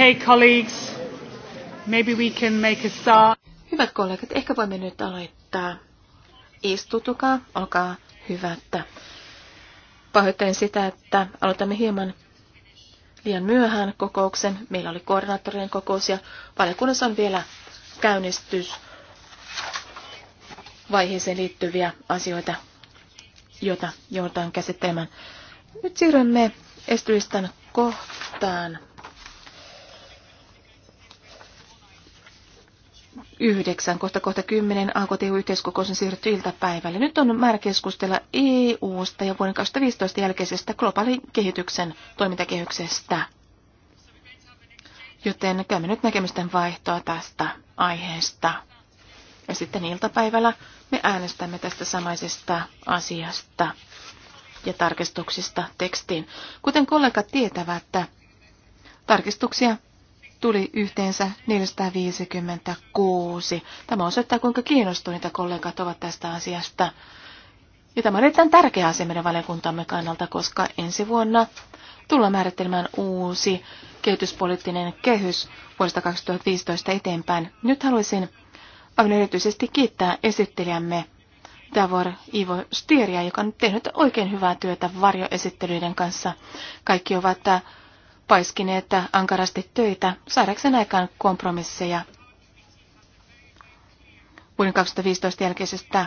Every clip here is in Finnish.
Hey colleagues, maybe we can make a start. Hyvät kollegat, ehkä voimme nyt aloittaa. Istutukaa, olkaa hyvät. Pahoittelen sitä, että aloitamme hieman liian myöhään kokouksen. Meillä oli koordinaattorien kokous ja valiokunnassa on vielä käynnistys vaiheeseen liittyviä asioita, joita joudutaan käsittelemään. Nyt siirrymme estylistan kohtaan 9, kohta kohta 10 yhteiskokous on siirrytty iltapäivälle. Nyt on määrä keskustella EU-sta ja vuoden 2015 jälkeisestä globaalin kehityksen toimintakehyksestä. Joten käymme nyt näkemysten vaihtoa tästä aiheesta. Ja sitten iltapäivällä me äänestämme tästä samaisesta asiasta ja tarkistuksista tekstiin. Kuten kollegat tietävät, tarkistuksia tuli yhteensä 456. Tämä osoittaa, kuinka kiinnostuneita kollegat ovat tästä asiasta. Ja tämä on erittäin tärkeä asia meidän valiokuntamme kannalta, koska ensi vuonna tullaan määrittelemään uusi kehityspoliittinen kehys vuodesta 2015 eteenpäin. Nyt haluaisin aivan erityisesti kiittää esittelijämme Davor Ivo Stieria, joka on tehnyt oikein hyvää työtä varjoesittelyiden kanssa. Kaikki ovat paiskineet ankarasti töitä saadakseen aikaan kompromisseja vuoden 2015 jälkeisestä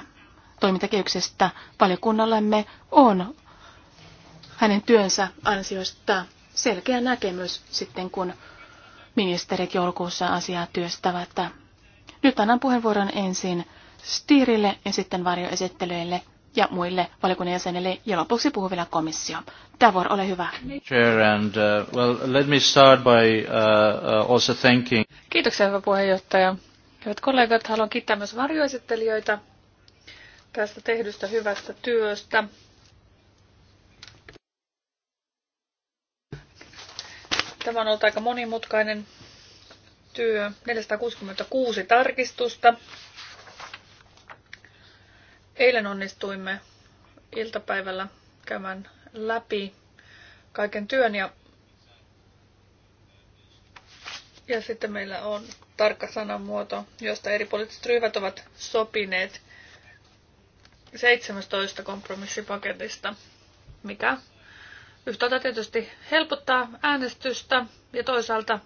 toimintakehyksestä. Valiokunnallemme on hänen työnsä ansiosta selkeä näkemys sitten, kun ministerit joulukuussa asiaa työstävät. Nyt annan puheenvuoron ensin Stiirille ja sitten varjoesittelyille ja muille valiokunnan jäsenille. Ja lopuksi puhuvilla komissio. Davor, ole hyvä. Uh, uh, uh, Kiitoksia, hyvä puheenjohtaja. Hyvät kollegat, haluan kiittää myös varjoesittelijöitä tästä tehdystä hyvästä työstä. Tämä on ollut aika monimutkainen työ. 466 tarkistusta Eilen onnistuimme iltapäivällä käymään läpi kaiken työn ja, ja sitten meillä on tarkka sanamuoto, josta eri poliittiset ryhmät ovat sopineet 17 kompromissipaketista, mikä yhtäältä tietysti helpottaa äänestystä ja toisaalta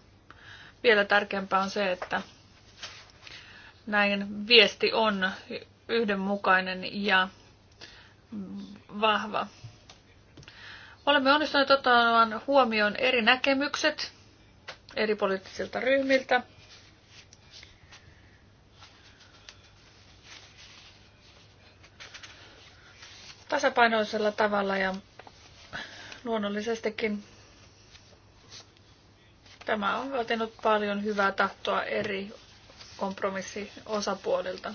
vielä tärkeämpää on se, että näin viesti on yhdenmukainen ja vahva. Olemme onnistuneet ottamaan huomioon eri näkemykset eri poliittisilta ryhmiltä. Tasapainoisella tavalla ja luonnollisestikin tämä on vaatinut paljon hyvää tahtoa eri kompromissiosapuolilta.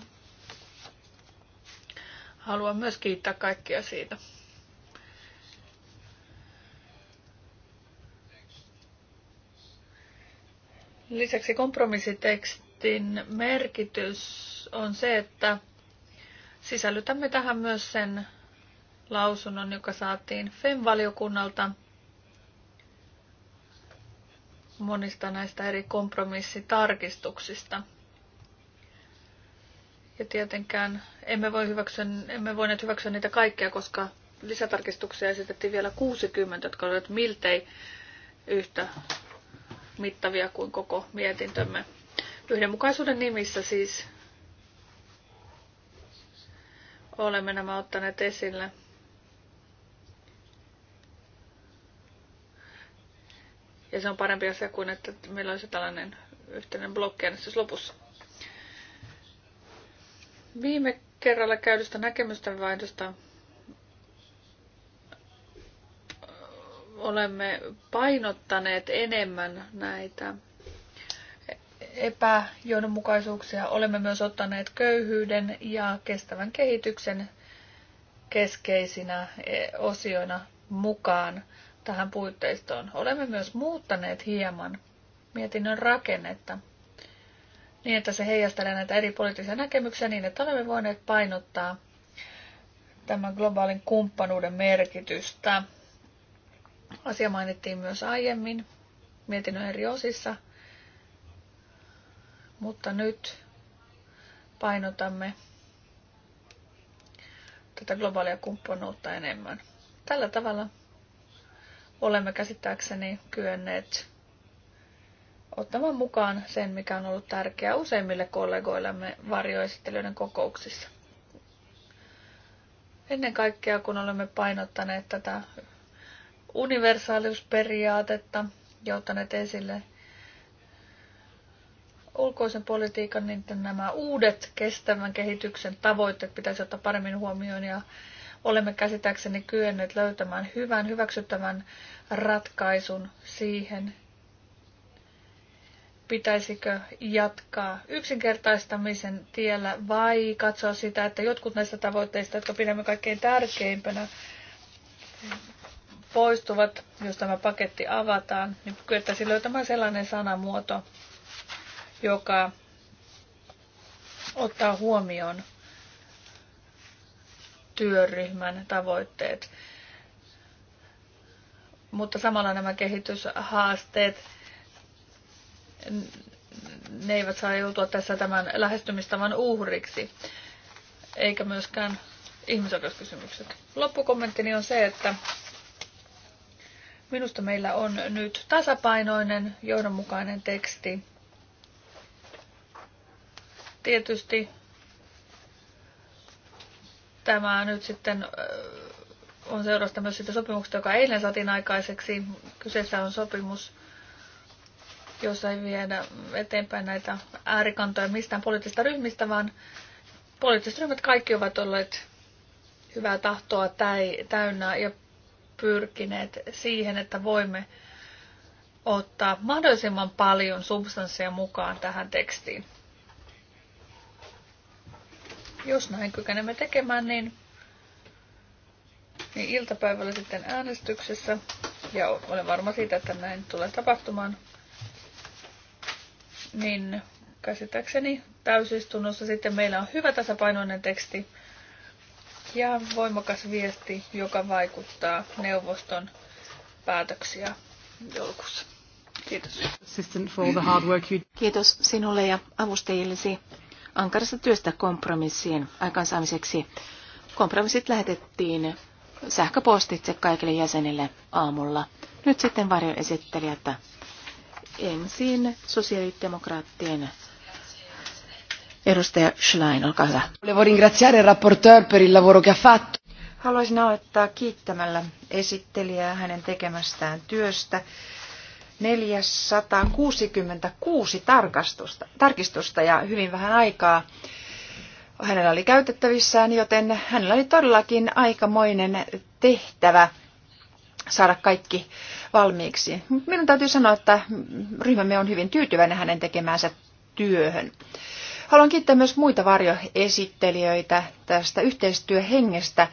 Haluan myös kiittää kaikkia siitä. Lisäksi kompromissitekstin merkitys on se, että sisällytämme tähän myös sen lausunnon, joka saatiin FEM-valiokunnalta monista näistä eri kompromissitarkistuksista. Ja tietenkään emme, voi hyväksyä, emme voineet hyväksyä niitä kaikkia, koska lisätarkistuksia esitettiin vielä 60, jotka olivat miltei yhtä mittavia kuin koko mietintömme. Yhdenmukaisuuden nimissä siis olemme nämä ottaneet esille. Ja se on parempi asia kuin, että meillä olisi tällainen yhteinen blokkiäänestys lopussa. Viime kerralla käydystä näkemysten vaihdosta olemme painottaneet enemmän näitä epäjohdonmukaisuuksia. Olemme myös ottaneet köyhyyden ja kestävän kehityksen keskeisinä e, osioina mukaan tähän puitteistoon. Olemme myös muuttaneet hieman mietinnön rakennetta niin, että se heijastelee näitä eri poliittisia näkemyksiä niin, että olemme voineet painottaa tämän globaalin kumppanuuden merkitystä. Asia mainittiin myös aiemmin mietinnön eri osissa, mutta nyt painotamme tätä globaalia kumppanuutta enemmän. Tällä tavalla olemme käsittääkseni kyenneet ottamaan mukaan sen, mikä on ollut tärkeää useimmille kollegoillemme varjoesittelyiden kokouksissa. Ennen kaikkea, kun olemme painottaneet tätä universaaliusperiaatetta ja ottaneet esille ulkoisen politiikan, niin nämä uudet kestävän kehityksen tavoitteet pitäisi ottaa paremmin huomioon ja olemme käsittääkseni kyenneet löytämään hyvän, hyväksyttävän ratkaisun siihen, pitäisikö jatkaa yksinkertaistamisen tiellä vai katsoa sitä, että jotkut näistä tavoitteista, jotka pidämme kaikkein tärkeimpänä, poistuvat, jos tämä paketti avataan, niin kyettäisiin löytämään sellainen sanamuoto, joka ottaa huomioon työryhmän tavoitteet. Mutta samalla nämä kehityshaasteet ne eivät saa joutua tässä tämän lähestymistavan uhriksi, eikä myöskään ihmisoikeuskysymykset. Loppukommenttini on se, että minusta meillä on nyt tasapainoinen, johdonmukainen teksti. Tietysti tämä nyt sitten äh, on seurasta myös sitä sopimuksesta, joka eilen saatiin aikaiseksi. Kyseessä on sopimus, jossa ei viedä eteenpäin näitä äärikantoja mistään poliittisista ryhmistä, vaan poliittiset ryhmät kaikki ovat olleet hyvää tahtoa täy- täynnä ja pyrkineet siihen, että voimme ottaa mahdollisimman paljon substanssia mukaan tähän tekstiin. Jos näin kykenemme tekemään, niin, niin iltapäivällä sitten äänestyksessä, ja olen varma siitä, että näin tulee tapahtumaan, niin käsittääkseni täysistunnossa sitten meillä on hyvä tasapainoinen teksti ja voimakas viesti, joka vaikuttaa neuvoston päätöksiä joulukuussa. Kiitos. Kiitos sinulle ja avustajillesi ankarasta työstä kompromissien aikaansaamiseksi. Kompromissit lähetettiin sähköpostitse kaikille jäsenille aamulla. Nyt sitten varjoesittelijät ensin sosiaalidemokraattien edustaja Schlein, olkaa hyvä. Volevo ringraziare il rapporteur per il lavoro che ha fatto. Haluaisin aloittaa kiittämällä esittelijää hänen tekemästään työstä. 466 tarkastusta, tarkistusta ja hyvin vähän aikaa hänellä oli käytettävissään, joten hänellä oli todellakin aikamoinen tehtävä saada kaikki valmiiksi. Minun täytyy sanoa, että ryhmämme on hyvin tyytyväinen hänen tekemäänsä työhön. Haluan kiittää myös muita varjoesittelijöitä tästä yhteistyöhengestä,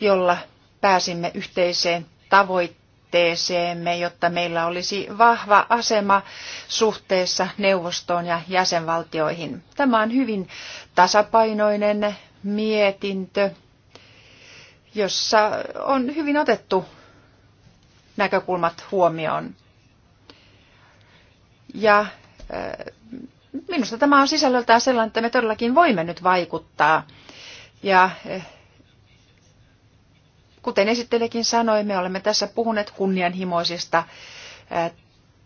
jolla pääsimme yhteiseen tavoitteeseemme, jotta meillä olisi vahva asema suhteessa neuvostoon ja jäsenvaltioihin. Tämä on hyvin tasapainoinen mietintö, jossa on hyvin otettu näkökulmat huomioon. Ja äh, minusta tämä on sisällöltään sellainen, että me todellakin voimme nyt vaikuttaa. Ja äh, kuten esittelekin sanoi, me olemme tässä puhuneet kunnianhimoisista äh,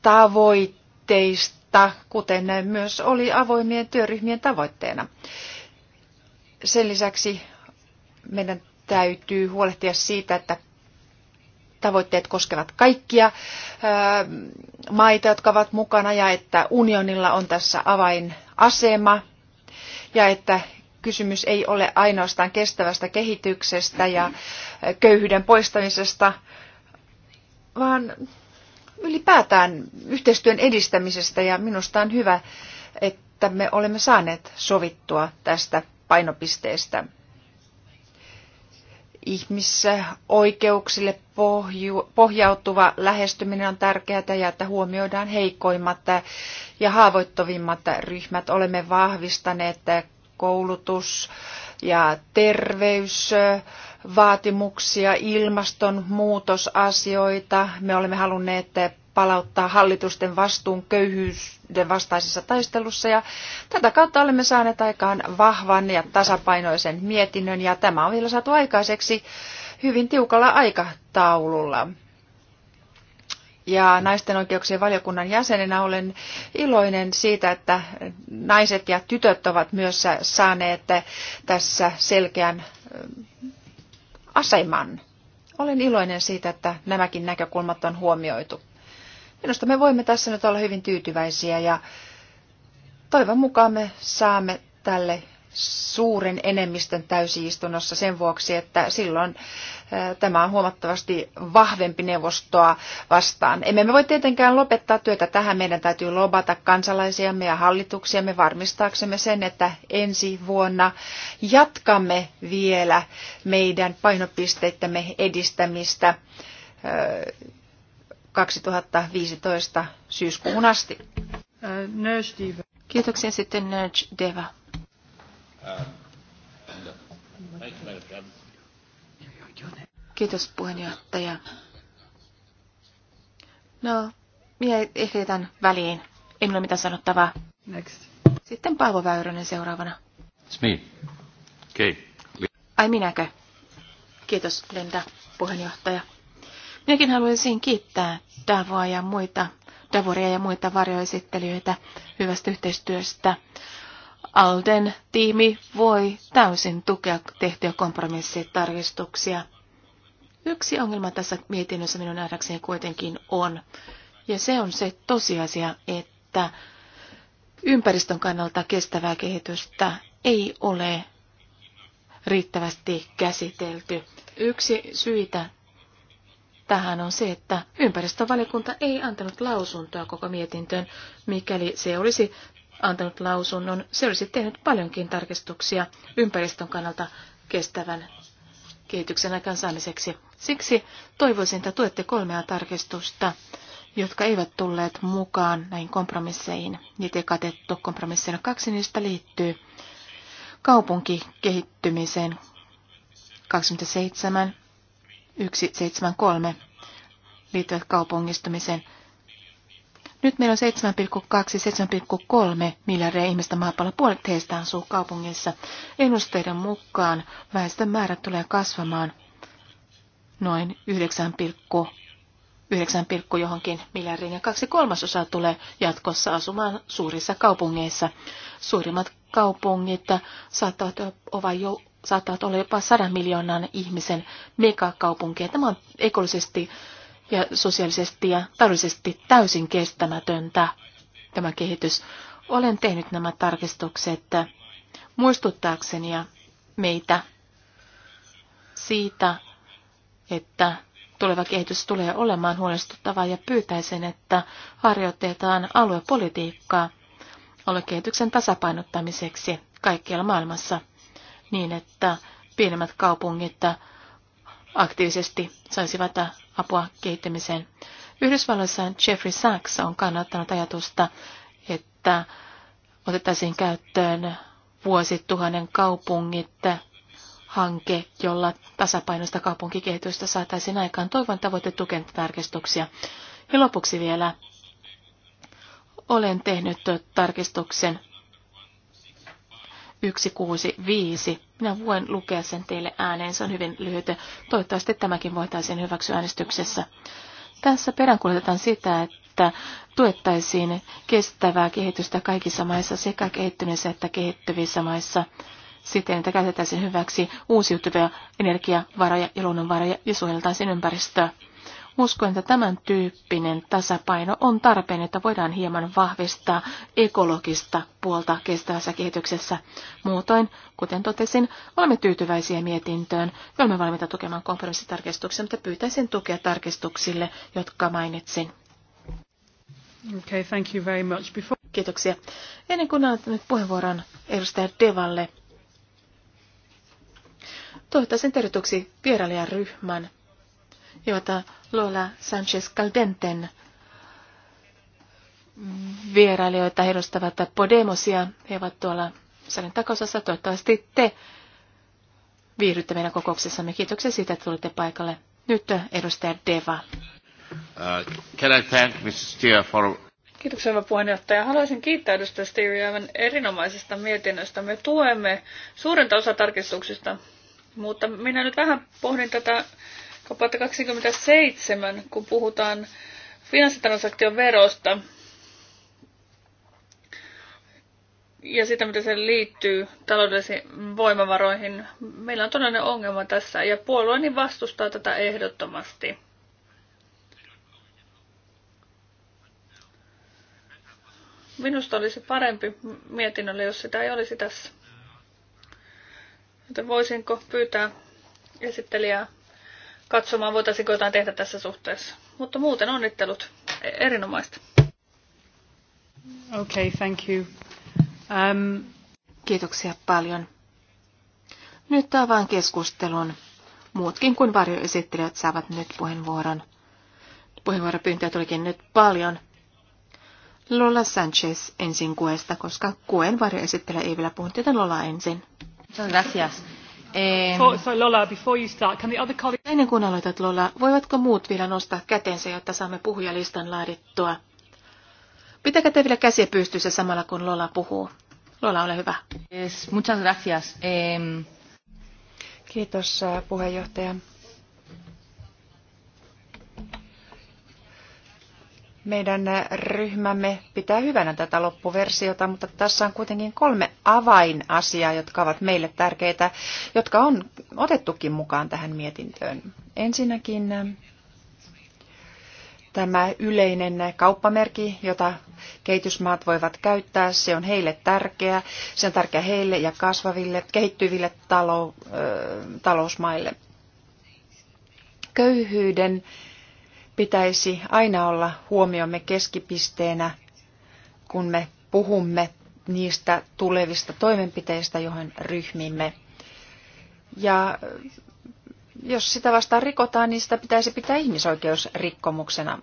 tavoitteista, kuten myös oli avoimien työryhmien tavoitteena. Sen lisäksi meidän täytyy huolehtia siitä, että tavoitteet koskevat kaikkia maita, jotka ovat mukana ja että unionilla on tässä avainasema ja että kysymys ei ole ainoastaan kestävästä kehityksestä ja köyhyyden poistamisesta, vaan ylipäätään yhteistyön edistämisestä ja minusta on hyvä, että me olemme saaneet sovittua tästä painopisteestä ihmisoikeuksille pohjautuva lähestyminen on tärkeää ja että huomioidaan heikoimmat ja haavoittuvimmat ryhmät. Olemme vahvistaneet koulutus- ja terveysvaatimuksia, ilmastonmuutosasioita. Me olemme halunneet palauttaa hallitusten vastuun köyhyyden vastaisessa taistelussa ja tätä kautta olemme saaneet aikaan vahvan ja tasapainoisen mietinnön ja tämä on vielä saatu aikaiseksi hyvin tiukalla aikataululla. Ja naisten oikeuksien valiokunnan jäsenenä olen iloinen siitä, että naiset ja tytöt ovat myös saaneet tässä selkeän eh, aseman. Olen iloinen siitä, että nämäkin näkökulmat on huomioitu. Minusta me voimme tässä nyt olla hyvin tyytyväisiä ja toivon mukaan me saamme tälle suuren enemmistön täysiistunnossa sen vuoksi, että silloin tämä on huomattavasti vahvempi neuvostoa vastaan. Emme me voi tietenkään lopettaa työtä tähän. Meidän täytyy lobata kansalaisiamme ja hallituksiamme varmistaaksemme sen, että ensi vuonna jatkamme vielä meidän painopisteittämme edistämistä 2015 syyskuun asti. Kiitoksia sitten Nerj äh, Deva. Kiitos puheenjohtaja. No, minä ehkä jätän väliin. Ei ole mitään sanottavaa. Next. Sitten Paavo Väyrynen seuraavana. It's me. Okay. Ai minäkö? Kiitos, Linda, puheenjohtaja. Minäkin haluaisin kiittää Davoa ja muita, Davoria ja muita varjoesittelijöitä hyvästä yhteistyöstä. Alden tiimi voi täysin tukea tehtyjä kompromissitarkistuksia. Yksi ongelma tässä mietinnössä minun nähdäkseni kuitenkin on, ja se on se tosiasia, että ympäristön kannalta kestävää kehitystä ei ole riittävästi käsitelty. Yksi syitä tähän on se, että ympäristövaliokunta ei antanut lausuntoa koko mietintöön. Mikäli se olisi antanut lausunnon, se olisi tehnyt paljonkin tarkistuksia ympäristön kannalta kestävän kehityksen aikaansaamiseksi. Siksi toivoisin, että tuette kolmea tarkistusta, jotka eivät tulleet mukaan näihin kompromisseihin. Niitä ei katettu kompromisseina. Kaksi niistä liittyy kaupunkikehittymiseen 27 173 liittyvät kaupungistumiseen. Nyt meillä on 7,2-7,3 miljardia ihmistä maapallolla. Puolet heistä asuu kaupungissa. Ennusteiden mukaan väestön määrä tulee kasvamaan noin 9, johonkin miljardiin ja kaksi kolmasosaa tulee jatkossa asumaan suurissa kaupungeissa. Suurimmat kaupungit saattavat olla jo, saattavat olla jopa sadan miljoonan ihmisen megakaupunkeja. Tämä on ekologisesti ja sosiaalisesti ja taloudellisesti täysin kestämätöntä tämä kehitys. Olen tehnyt nämä tarkistukset muistuttaakseni ja meitä siitä, että tuleva kehitys tulee olemaan huolestuttavaa ja pyytäisin, että harjoitetaan aluepolitiikkaa aluekehityksen tasapainottamiseksi kaikkialla maailmassa – niin, että pienemmät kaupungit aktiivisesti saisivat apua kehittämiseen. Yhdysvalloissa Jeffrey Sachs on kannattanut ajatusta, että otettaisiin käyttöön vuosituhannen kaupungit hanke, jolla tasapainoista kaupunkikehitystä saataisiin aikaan. Toivon tavoite tukenta tarkistuksia. Ja lopuksi vielä olen tehnyt tarkistuksen 165. Minä voin lukea sen teille ääneen, se on hyvin lyhyt. Toivottavasti tämäkin voitaisiin hyväksyä äänestyksessä. Tässä peräänkuljetetaan sitä, että tuettaisiin kestävää kehitystä kaikissa maissa, sekä kehittyneissä että kehittyvissä maissa, siten, että käytetään hyväksi uusiutuvia energiavaroja ja luonnonvaroja ja suojeltaisiin ympäristöä. Uskon, että tämän tyyppinen tasapaino on tarpeen, että voidaan hieman vahvistaa ekologista puolta kestävässä kehityksessä. Muutoin, kuten totesin, olemme tyytyväisiä mietintöön ja olemme valmiita tukemaan kompromissitarkistuksia, mutta pyytäisin tukea tarkistuksille, jotka mainitsin. Okay, thank you very much. Before... Kiitoksia. Ennen kuin annan nyt puheenvuoron edustaja Devalle, toivottaisin tervetuksi vierailijaryhmän jota Lola Sanchez Caldenten vierailijoita edustavat Podemosia. He ovat tuolla salin takaosassa. Toivottavasti te viihdytte meidän kokouksessamme. Kiitoksia siitä, että tulitte paikalle. Nyt edustaja Deva. Uh, can I thank for... Kiitoksia, hyvä puheenjohtaja. Haluaisin kiittää edustaja Steve aivan erinomaisesta mietinnöstä. Me tuemme suurinta osa tarkistuksista, mutta minä nyt vähän pohdin tätä kappaletta 27, kun puhutaan finanssitransaktion verosta ja sitä, mitä se liittyy taloudellisiin voimavaroihin. Meillä on todellinen ongelma tässä ja puolueeni vastustaa tätä ehdottomasti. Minusta olisi parempi mietinnölle, jos sitä ei olisi tässä. Joten voisinko pyytää esittelijää katsomaan, voitaisiinko jotain tehdä tässä suhteessa. Mutta muuten onnittelut. E- erinomaista. Okay, thank you. Um... Kiitoksia paljon. Nyt avaan keskustelun. Muutkin kuin varjoesittelijät saavat nyt puheenvuoron. Puheenvuoropyyntöjä tulikin nyt paljon. Lola Sanchez ensin kuesta, koska kuen varjoesittelijä ei vielä puhunut, joten Lola ensin. gracias. Eh... Lola, before you start, can the other colleague... Ennen kuin aloitat Lola, voivatko muut vielä nostaa kätensä, jotta saamme puhujalistan laadittua? Pitäkää te vielä käsiä pystyssä samalla, kun Lola puhuu. Lola, ole hyvä. Yes, muchas gracias. Eh... Kiitos äh, puheenjohtaja. Meidän ryhmämme pitää hyvänä tätä loppuversiota, mutta tässä on kuitenkin kolme avainasiaa, jotka ovat meille tärkeitä, jotka on otettukin mukaan tähän mietintöön. Ensinnäkin äh, tämä yleinen kauppamerkki, jota kehitysmaat voivat käyttää, se on heille tärkeä. Se on tärkeä heille ja kasvaville, kehittyville talou, ö, äh, talousmaille. Köyhyyden pitäisi aina olla huomiomme keskipisteenä, kun me puhumme niistä tulevista toimenpiteistä, johon ryhmimme. Ja jos sitä vastaan rikotaan, niin sitä pitäisi pitää ihmisoikeusrikkomuksena.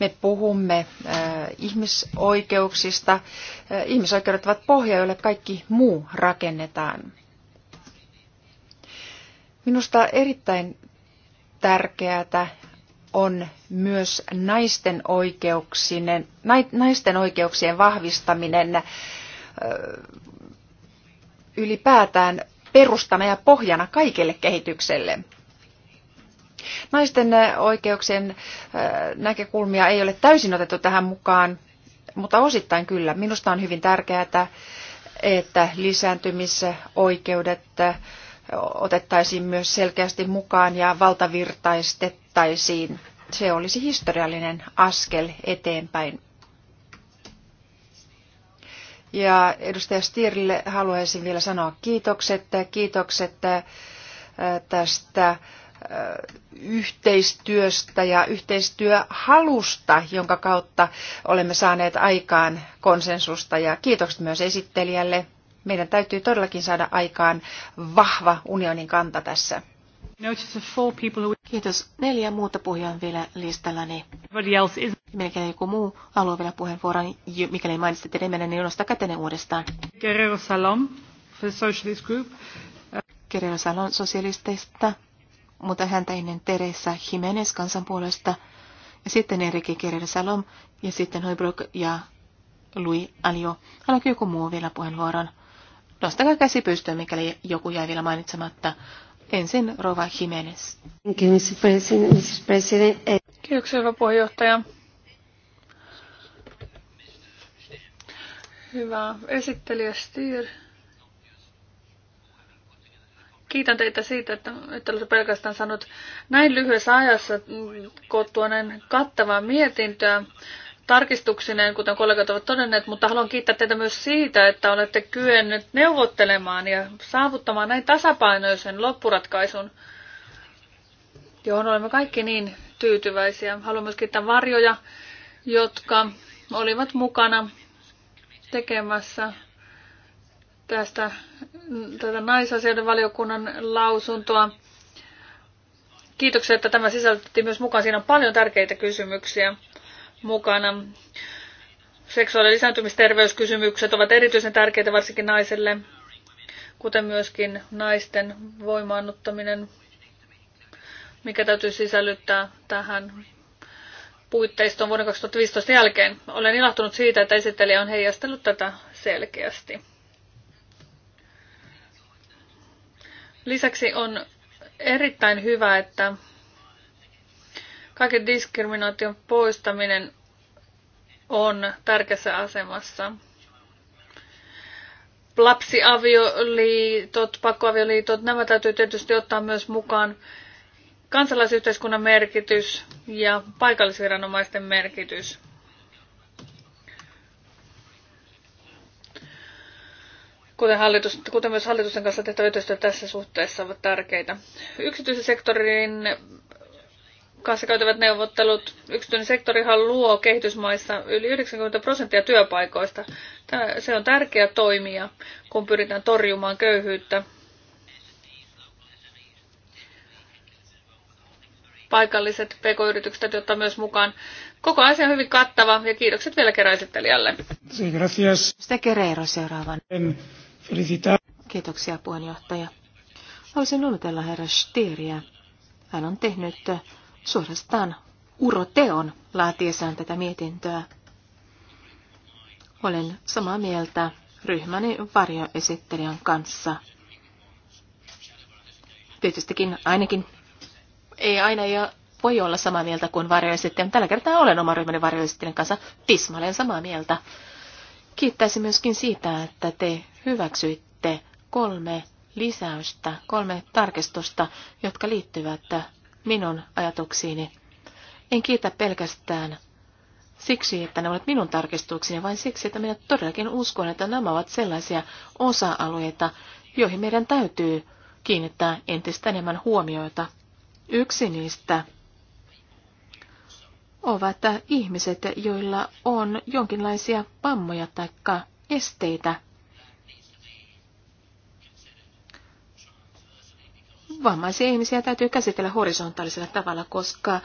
Me puhumme äh, ihmisoikeuksista. Äh, ihmisoikeudet ovat pohja, jolle kaikki muu rakennetaan. Minusta erittäin tärkeää on myös naisten, oikeuksien, naisten oikeuksien vahvistaminen ylipäätään perustana ja pohjana kaikelle kehitykselle. Naisten oikeuksien näkökulmia ei ole täysin otettu tähän mukaan, mutta osittain kyllä. Minusta on hyvin tärkeää, että lisääntymisoikeudet otettaisiin myös selkeästi mukaan ja valtavirtaistet tuettaisiin. Se olisi historiallinen askel eteenpäin. Ja edustaja Stierille haluaisin vielä sanoa kiitokset, kiitokset äh, tästä äh, yhteistyöstä ja yhteistyöhalusta, jonka kautta olemme saaneet aikaan konsensusta. Ja kiitokset myös esittelijälle. Meidän täytyy todellakin saada aikaan vahva unionin kanta tässä. Kiitos. Neljä muuta puhujaa on vielä listallani. Melkein joku muu haluaa vielä puheenvuoron, mikäli mainitsitte nimenne, niin nostaa kätenne uudestaan. Guerrero Salom, for Socialist Group. Guerrero Salom sosialisteista, mutta häntä ennen Teresa Jimenez kansanpuolesta, ja sitten Enrique Guerrero Salom, ja sitten Hoibrook ja Louis Alio. Haluaako joku muu vielä puheenvuoron? Nostakaa käsi pystyyn, mikäli joku jäi vielä mainitsematta. Ensin Rova Jimenez. Kiitoksia, hyvä puheenjohtaja. Hyvä esittelijä Stier. Kiitän teitä siitä, että, että olette pelkästään saanut näin lyhyessä ajassa koottua näin kattavaa mietintöä tarkistuksineen, kuten kollegat ovat todenneet, mutta haluan kiittää teitä myös siitä, että olette kyenneet neuvottelemaan ja saavuttamaan näin tasapainoisen loppuratkaisun, johon olemme kaikki niin tyytyväisiä. Haluan myös kiittää varjoja, jotka olivat mukana tekemässä tästä, tätä naisasioiden valiokunnan lausuntoa. Kiitoksia, että tämä sisältettiin myös mukaan. Siinä on paljon tärkeitä kysymyksiä mukana. Seksuaali- ja lisääntymisterveyskysymykset ovat erityisen tärkeitä varsinkin naisille, kuten myöskin naisten voimaannuttaminen, mikä täytyy sisällyttää tähän puitteistoon vuoden 2015 jälkeen. Olen ilahtunut siitä, että esittelijä on heijastellut tätä selkeästi. Lisäksi on erittäin hyvä, että kaiken diskriminaation poistaminen on tärkeässä asemassa. Lapsiavioliitot, pakkoavioliitot, nämä täytyy tietysti ottaa myös mukaan. Kansalaisyhteiskunnan merkitys ja paikallisviranomaisten merkitys. kuten, hallitus, kuten myös hallitusten kanssa tehtävä yhteistyö tässä suhteessa ovat tärkeitä. Yksityisen sektorin kanssa käytävät neuvottelut. Yksityinen sektorihan luo kehitysmaissa yli 90 prosenttia työpaikoista. Tämä Se on tärkeä toimija, kun pyritään torjumaan köyhyyttä. Paikalliset pk-yritykset täytyy ottaa myös mukaan. Koko asia on hyvin kattava ja kiitokset vielä kerran esittelijälle. seuraavan. Kiitoksia puheenjohtaja. Olisin onnitella herra Stieriä. Hän on tehnyt suorastaan uroteon laatiessaan tätä mietintöä. Olen samaa mieltä ryhmäni varjoesittelijän kanssa. Tietystikin ainakin ei aina ja voi olla samaa mieltä kuin varjoesittelijän. Tällä kertaa olen oma ryhmäni varjoesittelijän kanssa tismalleen samaa mieltä. Kiittäisin myöskin siitä, että te hyväksyitte kolme lisäystä, kolme tarkistusta, jotka liittyvät minun ajatuksiini. En kiitä pelkästään siksi, että ne ovat minun tarkistukseni, vaan siksi, että minä todellakin uskon, että nämä ovat sellaisia osa-alueita, joihin meidän täytyy kiinnittää entistä enemmän huomioita. Yksi niistä ovat ihmiset, joilla on jonkinlaisia vammoja tai esteitä vammaisia ihmisiä täytyy käsitellä horisontaalisella tavalla, koska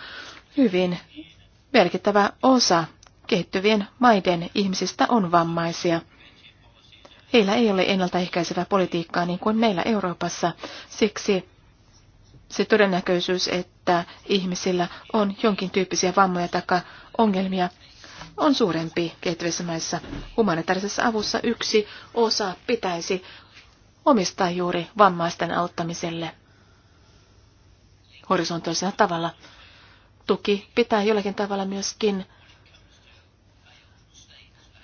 hyvin merkittävä osa kehittyvien maiden ihmisistä on vammaisia. Heillä ei ole ennaltaehkäisevää politiikkaa niin kuin meillä Euroopassa. Siksi se todennäköisyys, että ihmisillä on jonkin tyyppisiä vammoja tai ongelmia, on suurempi kehittyvissä maissa. Humanitaarisessa avussa yksi osa pitäisi omistaa juuri vammaisten auttamiselle horisontaalisella tavalla. Tuki pitää jollakin tavalla myöskin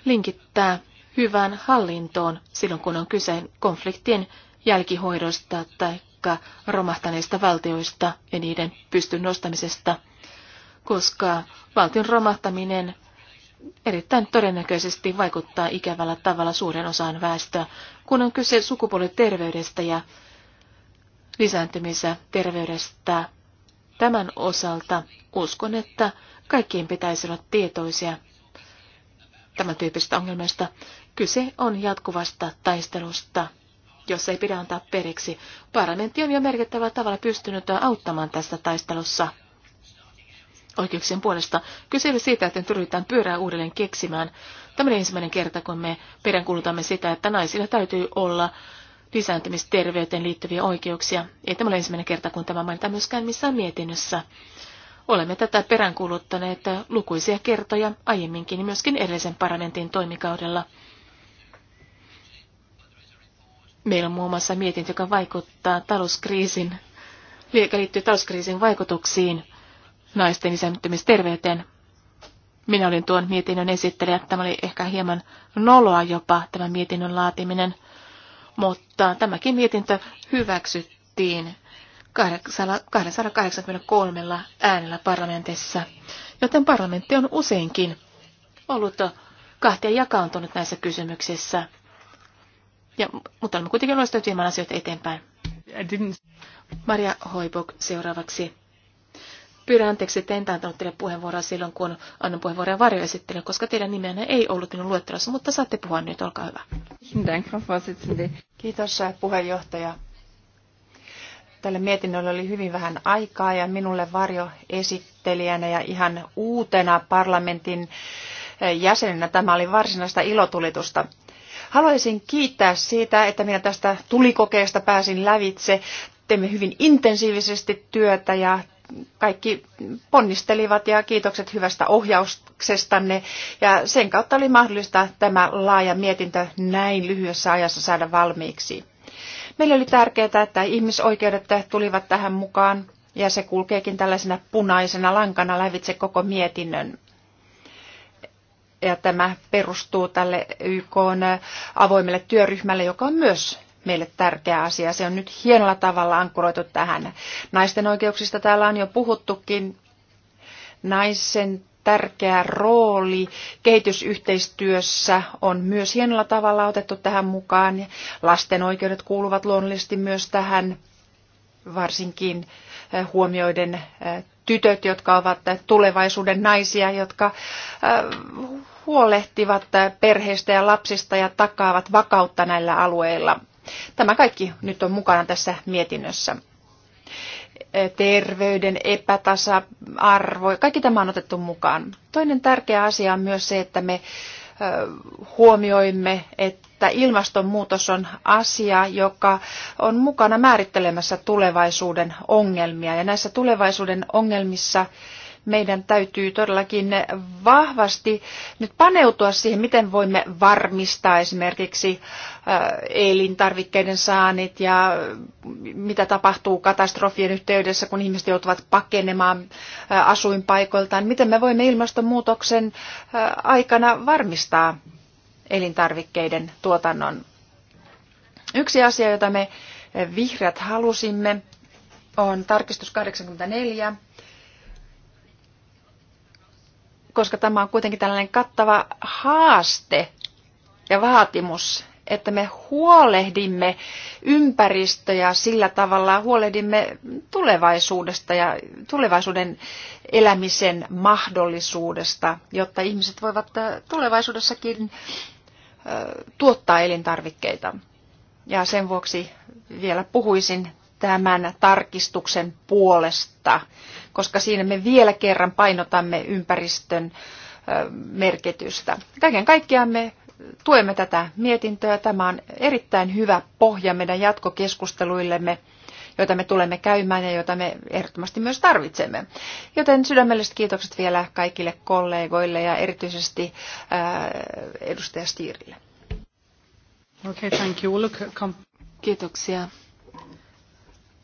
linkittää hyvään hallintoon silloin, kun on kyse konfliktien jälkihoidosta tai romahtaneista valtioista ja niiden pystyn nostamisesta, koska valtion romahtaminen erittäin todennäköisesti vaikuttaa ikävällä tavalla suuren osaan väestöä, kun on kyse sukupuoliterveydestä ja lisääntymisestä terveydestä. Tämän osalta uskon, että kaikkien pitäisi olla tietoisia tämän tyyppistä ongelmista. Kyse on jatkuvasta taistelusta, jossa ei pidä antaa periksi. Parlamentti on jo merkittävällä tavalla pystynyt auttamaan tässä taistelussa oikeuksien puolesta. Kyse oli siitä, että nyt pyörää uudelleen keksimään. Tämä oli ensimmäinen kerta, kun me peräänkuulutamme sitä, että naisilla täytyy olla lisääntymisterveyteen liittyviä oikeuksia. Ei tämä ole ensimmäinen kerta, kun tämä mainitaan myöskään missään mietinnössä. Olemme tätä peräänkuuluttaneet lukuisia kertoja aiemminkin myöskin edellisen parlamentin toimikaudella. Meillä on muun muassa mietintö, joka vaikuttaa talouskriisin, joka liittyy talouskriisin vaikutuksiin naisten lisääntymisterveyteen. Minä olin tuon mietinnön esittelijä. Tämä oli ehkä hieman noloa jopa, tämä mietinnön laatiminen – mutta tämäkin mietintö hyväksyttiin 283 äänellä parlamentissa, joten parlamentti on useinkin ollut kahtia jakaantunut näissä kysymyksissä. Ja, mutta olemme kuitenkin luostaneet viemään asioita eteenpäin. Maria Hoibok seuraavaksi. Pyydän anteeksi, että en antanut teille puheenvuoroa silloin, kun annan puheenvuoroa varjoesittelyä, koska teidän nimenne ei ollut minun luettelossa, mutta saatte puhua nyt, olkaa hyvä. Kiitos äh, puheenjohtaja. Tälle mietinnölle oli hyvin vähän aikaa ja minulle varjoesittelijänä ja ihan uutena parlamentin äh, jäsenenä tämä oli varsinaista ilotulitusta. Haluaisin kiittää siitä, että minä tästä tulikokeesta pääsin lävitse. Teimme hyvin intensiivisesti työtä ja kaikki ponnistelivat ja kiitokset hyvästä ohjauksestanne. Ja sen kautta oli mahdollista tämä laaja mietintö näin lyhyessä ajassa saada valmiiksi. Meillä oli tärkeää, että ihmisoikeudet tulivat tähän mukaan ja se kulkeekin tällaisena punaisena lankana lävitse koko mietinnön. Ja tämä perustuu tälle YK avoimelle työryhmälle, joka on myös meille tärkeä asia. Se on nyt hienolla tavalla ankkuroitu tähän. Naisten oikeuksista täällä on jo puhuttukin. Naisen tärkeä rooli kehitysyhteistyössä on myös hienolla tavalla otettu tähän mukaan. Lasten oikeudet kuuluvat luonnollisesti myös tähän, varsinkin eh, huomioiden eh, tytöt, jotka ovat tulevaisuuden naisia, jotka eh, huolehtivat perheistä ja lapsista ja takaavat vakautta näillä alueilla. Tämä kaikki nyt on mukana tässä mietinnössä. Terveyden epätasa-arvo, kaikki tämä on otettu mukaan. Toinen tärkeä asia on myös se, että me huomioimme, että ilmastonmuutos on asia, joka on mukana määrittelemässä tulevaisuuden ongelmia. Ja näissä tulevaisuuden ongelmissa meidän täytyy todellakin vahvasti nyt paneutua siihen, miten voimme varmistaa esimerkiksi äh, elintarvikkeiden saanit ja mitä tapahtuu katastrofien yhteydessä, kun ihmiset joutuvat pakenemaan äh, asuinpaikoiltaan. Miten me voimme ilmastonmuutoksen äh, aikana varmistaa elintarvikkeiden tuotannon. Yksi asia, jota me vihreät halusimme, on tarkistus 84 koska tämä on kuitenkin tällainen kattava haaste ja vaatimus, että me huolehdimme ympäristöä sillä tavalla, huolehdimme tulevaisuudesta ja tulevaisuuden elämisen mahdollisuudesta, jotta ihmiset voivat tulevaisuudessakin tuottaa elintarvikkeita. Ja sen vuoksi vielä puhuisin tämän tarkistuksen puolesta, koska siinä me vielä kerran painotamme ympäristön merkitystä. Kaiken kaikkiaan me tuemme tätä mietintöä. Tämä on erittäin hyvä pohja meidän jatkokeskusteluillemme, joita me tulemme käymään ja joita me ehdottomasti myös tarvitsemme. Joten sydämelliset kiitokset vielä kaikille kollegoille ja erityisesti ää, edustaja Stiirille. Okay, thank you. Look, Kiitoksia.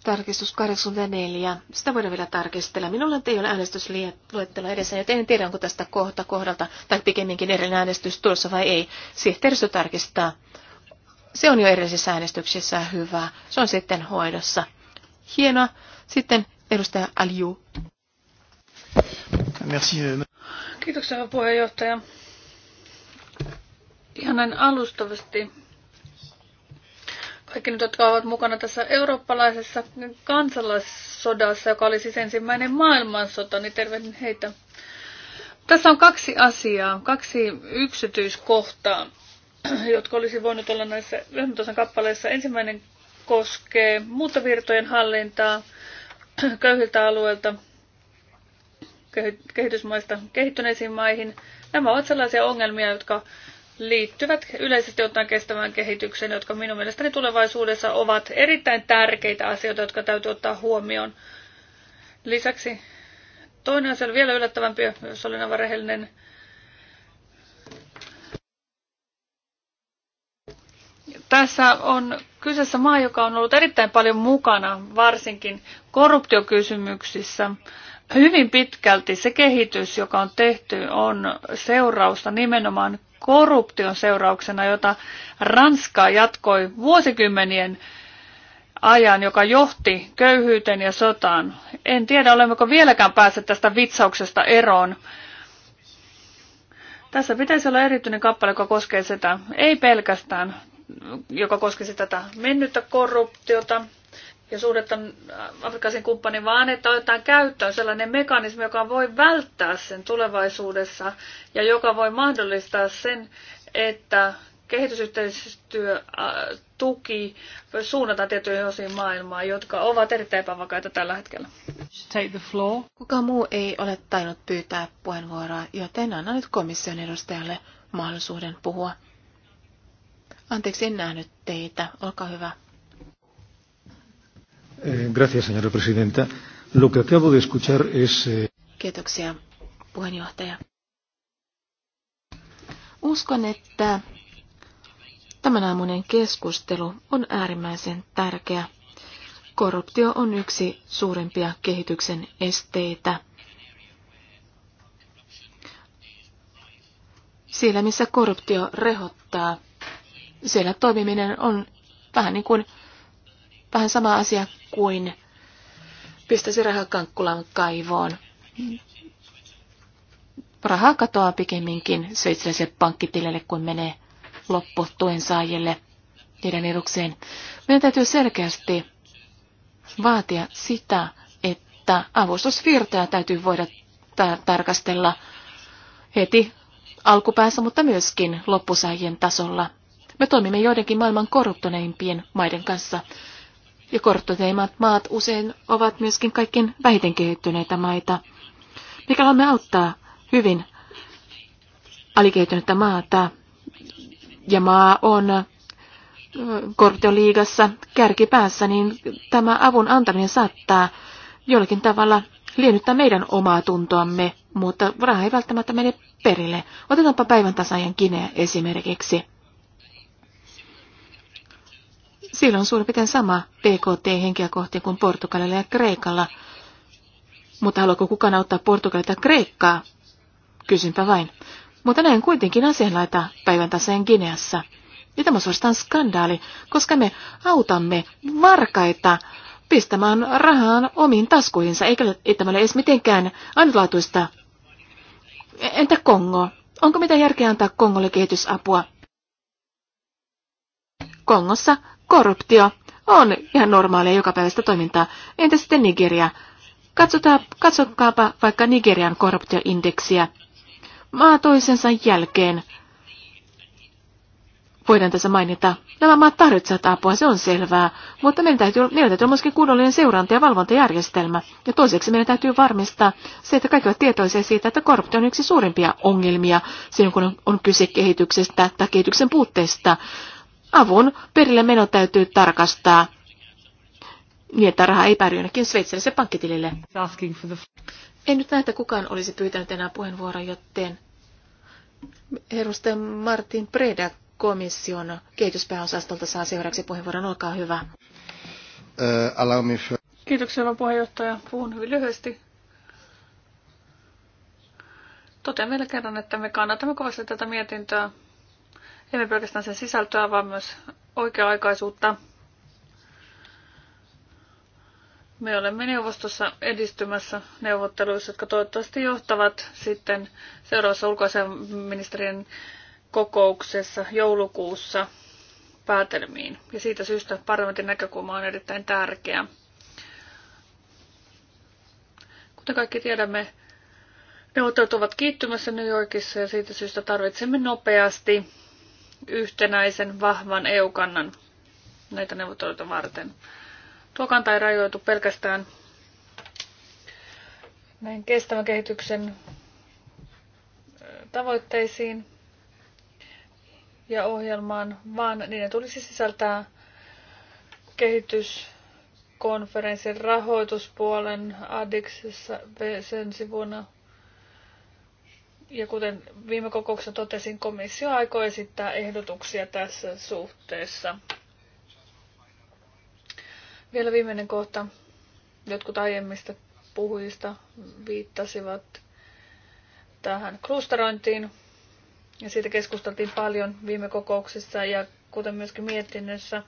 Tarkistus 84. Sitä voidaan vielä tarkistella. Minulla ei ole äänestysluettelo edessä, joten en tiedä, onko tästä kohta kohdalta tai pikemminkin erillinen äänestys tulossa vai ei. Sihteeristö tarkistaa. Se on jo erillisissä äänestyksissä hyvää. Se on sitten hoidossa. Hienoa. Sitten edustaja Alju. Merci. Euh, Kiitoksia puheenjohtaja. Ihan näin alustavasti kaikki nyt, jotka ovat mukana tässä eurooppalaisessa kansalaissodassa, joka oli siis ensimmäinen maailmansota, niin tervehdin heitä. Tässä on kaksi asiaa, kaksi yksityiskohtaa, jotka olisi voinut olla näissä yhdentoisen kappaleissa. Ensimmäinen koskee muuttovirtojen hallintaa köyhiltä alueilta kehitysmaista kehittyneisiin maihin. Nämä ovat sellaisia ongelmia, jotka liittyvät yleisesti ottaen kestävään kehitykseen, jotka minun mielestäni tulevaisuudessa ovat erittäin tärkeitä asioita, jotka täytyy ottaa huomioon. Lisäksi toinen asia oli vielä yllättävämpi, jos olen aivan rehellinen. Tässä on kyseessä maa, joka on ollut erittäin paljon mukana, varsinkin korruptiokysymyksissä. Hyvin pitkälti se kehitys, joka on tehty, on seurausta nimenomaan korruption seurauksena, jota Ranska jatkoi vuosikymmenien ajan, joka johti köyhyyteen ja sotaan. En tiedä, olemmeko vieläkään päässeet tästä vitsauksesta eroon. Tässä pitäisi olla erityinen kappale, joka koskee sitä, ei pelkästään, joka koskisi tätä mennyttä korruptiota, ja suhdetta afrikkalaisen kumppanin, vaan että otetaan käyttöön sellainen mekanismi, joka voi välttää sen tulevaisuudessa ja joka voi mahdollistaa sen, että kehitysyhteistyö tuki suunnataan tiettyihin osiin maailmaa, jotka ovat erittäin epävakaita tällä hetkellä. Take the floor. Kuka muu ei ole tainnut pyytää puheenvuoroa, joten annan nyt komission edustajalle mahdollisuuden puhua. Anteeksi, en nähnyt teitä. Olkaa hyvä. Eh, gracias, señora presidenta. Lo que acabo de escuchar es... Eh, Kiitoksia, puheenjohtaja. Uskon, että tämän aamunen keskustelu on äärimmäisen tärkeä. Korruptio on yksi suurimpia kehityksen esteitä. Siellä, missä korruptio rehottaa, siellä toimiminen on vähän niin kuin vähän sama asia kuin pistäisi rahaa kankkulan kaivoon. Rahaa katoaa pikemminkin sveitsiläiselle pankkitilille kuin menee tuen saajille heidän edukseen. Meidän täytyy selkeästi vaatia sitä, että avustusvirtoja täytyy voida ta- tarkastella heti alkupäässä, mutta myöskin loppusaajien tasolla. Me toimimme joidenkin maailman korruptoneimpien maiden kanssa. Ja korttoteimat maat usein ovat myöskin kaikkein vähiten kehittyneitä maita. Mikä haluamme auttaa hyvin alikehittynyttä maata. Ja maa on korttoliigassa kärkipäässä, niin tämä avun antaminen saattaa jollakin tavalla liennyttää meidän omaa tuntoamme, mutta raha ei välttämättä mene perille. Otetaanpa päivän tasajan kineä esimerkiksi. Siellä on suurin piirtein sama bkt henkeä kohti kuin Portugalilla ja Kreikalla. Mutta haluatko kukaan auttaa Portugalia tai Kreikkaa? Kysynpä vain. Mutta näin kuitenkin asianlaita päivän taseen Gineassa. Ja tämä on suorastaan skandaali, koska me autamme varkaita pistämään rahaan omiin taskuihinsa, eikä että ole edes mitenkään ainutlaatuista. Entä Kongo? Onko mitä järkeä antaa Kongolle kehitysapua? Kongossa Korruptio on ihan normaalia jokapäiväistä toimintaa. Entä sitten Nigeria? Katsotaan, katsokaapa vaikka Nigerian korruptioindeksiä. Maa toisensa jälkeen. Voidaan tässä mainita. Nämä maat tarvitsevat apua, se on selvää, mutta meidän täytyy, meillä täytyy olla myöskin kunnollinen seuranta- ja valvontajärjestelmä. Ja toiseksi meidän täytyy varmistaa se, että kaikki ovat tietoisia siitä, että korruptio on yksi suurimpia ongelmia silloin, kun on, on kyse kehityksestä tai kehityksen puutteesta avun perille meno täytyy tarkastaa niin, että raha ei päädy jonnekin sveitsiläisen pankkitilille. En nyt että kukaan olisi pyytänyt enää puheenvuoroa, joten herusten Martin Preda komission kehityspääosastolta saa seuraavaksi puheenvuoron. Olkaa hyvä. Uh, Kiitoksia, hyvä puheenjohtaja. Puhun hyvin lyhyesti. Totean vielä kerran, että me kannatamme kovasti tätä mietintöä emme pelkästään sen sisältöä, vaan myös oikea-aikaisuutta. Me olemme neuvostossa edistymässä neuvotteluissa, jotka toivottavasti johtavat sitten seuraavassa ulkoasiaministerien kokouksessa joulukuussa päätelmiin. Ja siitä syystä parlamentin näkökulma on erittäin tärkeä. Kuten kaikki tiedämme, neuvottelut ovat kiittymässä New Yorkissa ja siitä syystä tarvitsemme nopeasti yhtenäisen vahvan EU-kannan näitä neuvotteluita varten. Tuo kanta ei rajoitu pelkästään näihin kestävän kehityksen tavoitteisiin ja ohjelmaan, vaan niiden tulisi sisältää kehityskonferenssin rahoituspuolen Adiksessa sen sivuna ja kuten viime kokouksessa totesin, komissio aikoo esittää ehdotuksia tässä suhteessa. Vielä viimeinen kohta. Jotkut aiemmista puhujista viittasivat tähän klusterointiin. Ja siitä keskusteltiin paljon viime kokouksissa ja kuten myöskin mietinnössä.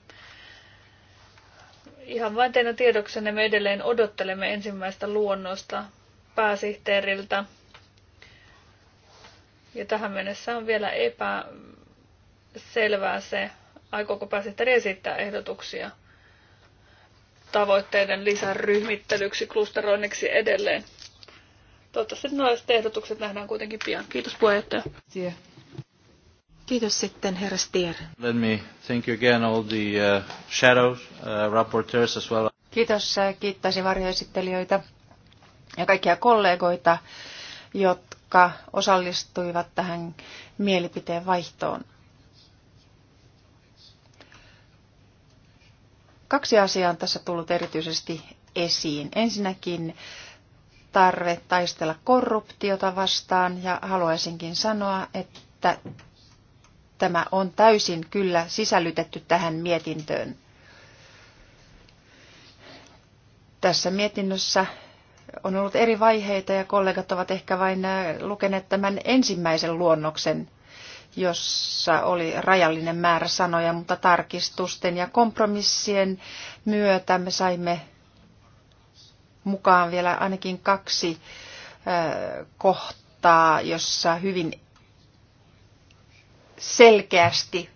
Ihan vain teidän tiedoksenne me edelleen odottelemme ensimmäistä luonnosta pääsihteeriltä ja tähän mennessä on vielä epäselvää se, aikooko pääsihteeri esittää ehdotuksia tavoitteiden lisäryhmittelyksi, klusteroinniksi edelleen. Toivottavasti naiset ehdotukset nähdään kuitenkin pian. Kiitos puheenjohtaja. Yeah. Kiitos sitten, herra Stier. Let me thank you again all the uh, shadows, uh, rapporteurs as well. Kiitos, äh, kiittäisin varjoesittelijöitä ja kaikkia kollegoita, jotka jotka osallistuivat tähän mielipiteen vaihtoon. Kaksi asiaa on tässä tullut erityisesti esiin. Ensinnäkin tarve taistella korruptiota vastaan ja haluaisinkin sanoa, että tämä on täysin kyllä sisällytetty tähän mietintöön. Tässä mietinnössä on ollut eri vaiheita ja kollegat ovat ehkä vain äh, lukeneet tämän ensimmäisen luonnoksen, jossa oli rajallinen määrä sanoja, mutta tarkistusten ja kompromissien myötä me saimme mukaan vielä ainakin kaksi äh, kohtaa, jossa hyvin selkeästi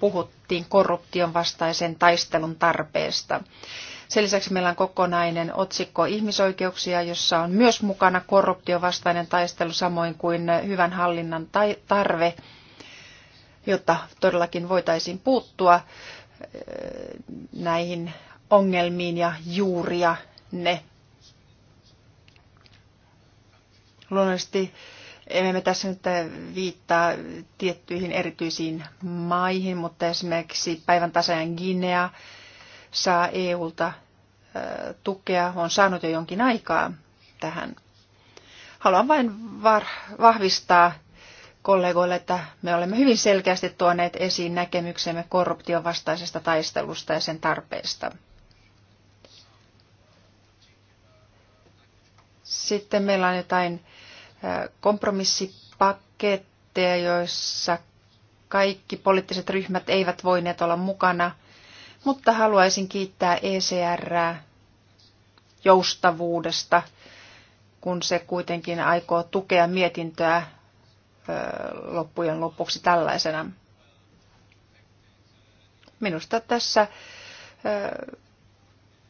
puhuttiin korruption vastaisen taistelun tarpeesta. Sen lisäksi meillä on kokonainen otsikko ihmisoikeuksia, jossa on myös mukana korruptiovastainen taistelu samoin kuin hyvän hallinnan tarve, jotta todellakin voitaisiin puuttua äh, näihin ongelmiin ja juuria ne. Luonnollisesti emme tässä nyt viittaa tiettyihin erityisiin maihin, mutta esimerkiksi päivän tasajan Guinea saa EUlta tukea on saanut jo jonkin aikaa tähän. Haluan vain var- vahvistaa kollegoille, että me olemme hyvin selkeästi tuoneet esiin näkemyksemme korruption vastaisesta taistelusta ja sen tarpeesta. Sitten meillä on jotain kompromissipaketteja, joissa kaikki poliittiset ryhmät eivät voineet olla mukana mutta haluaisin kiittää ECR joustavuudesta, kun se kuitenkin aikoo tukea mietintöä loppujen lopuksi tällaisena. Minusta tässä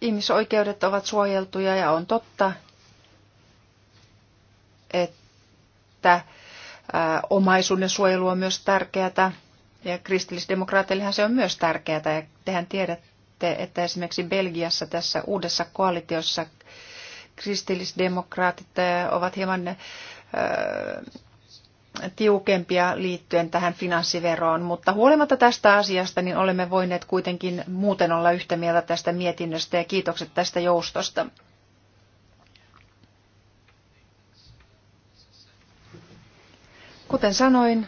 ihmisoikeudet ovat suojeltuja ja on totta, että omaisuuden suojelu on myös tärkeää. Ja kristillisdemokraateillehan se on myös tärkeää. Ja tehän tiedätte, että esimerkiksi Belgiassa tässä uudessa koalitiossa kristillisdemokraatit äh, ovat hieman äh, tiukempia liittyen tähän finanssiveroon, mutta huolimatta tästä asiasta, niin olemme voineet kuitenkin muuten olla yhtä mieltä tästä mietinnöstä ja kiitokset tästä joustosta. Kuten sanoin,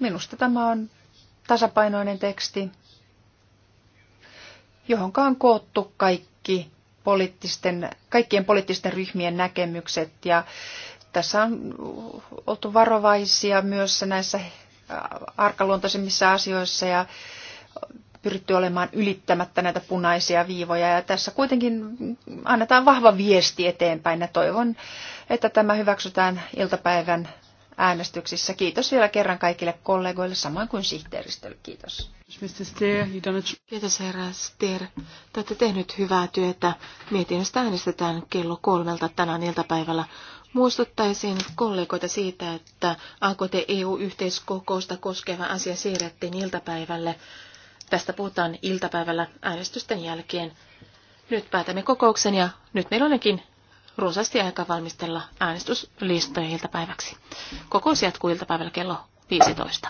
minusta tämä on tasapainoinen teksti, johonka on koottu kaikki poliittisten, kaikkien poliittisten ryhmien näkemykset ja tässä on oltu varovaisia myös näissä arkaluontoisemmissa asioissa ja pyritty olemaan ylittämättä näitä punaisia viivoja. Ja tässä kuitenkin annetaan vahva viesti eteenpäin ja toivon, että tämä hyväksytään iltapäivän äänestyksissä. Kiitos vielä kerran kaikille kollegoille, samoin kuin sihteeristölle. Kiitos. Kiitos herra Stier. Te olette tehnyt hyvää työtä. Mietinnöstä äänestetään kello kolmelta tänään iltapäivällä. Muistuttaisin kollegoita siitä, että AKT-EU-yhteiskokousta koskeva asia siirrettiin iltapäivälle. Tästä puhutaan iltapäivällä äänestysten jälkeen. Nyt päätämme kokouksen ja nyt meillä onkin runsaasti aikaa valmistella äänestyslistoja iltapäiväksi. Kokous jatkuu iltapäivällä kello 15.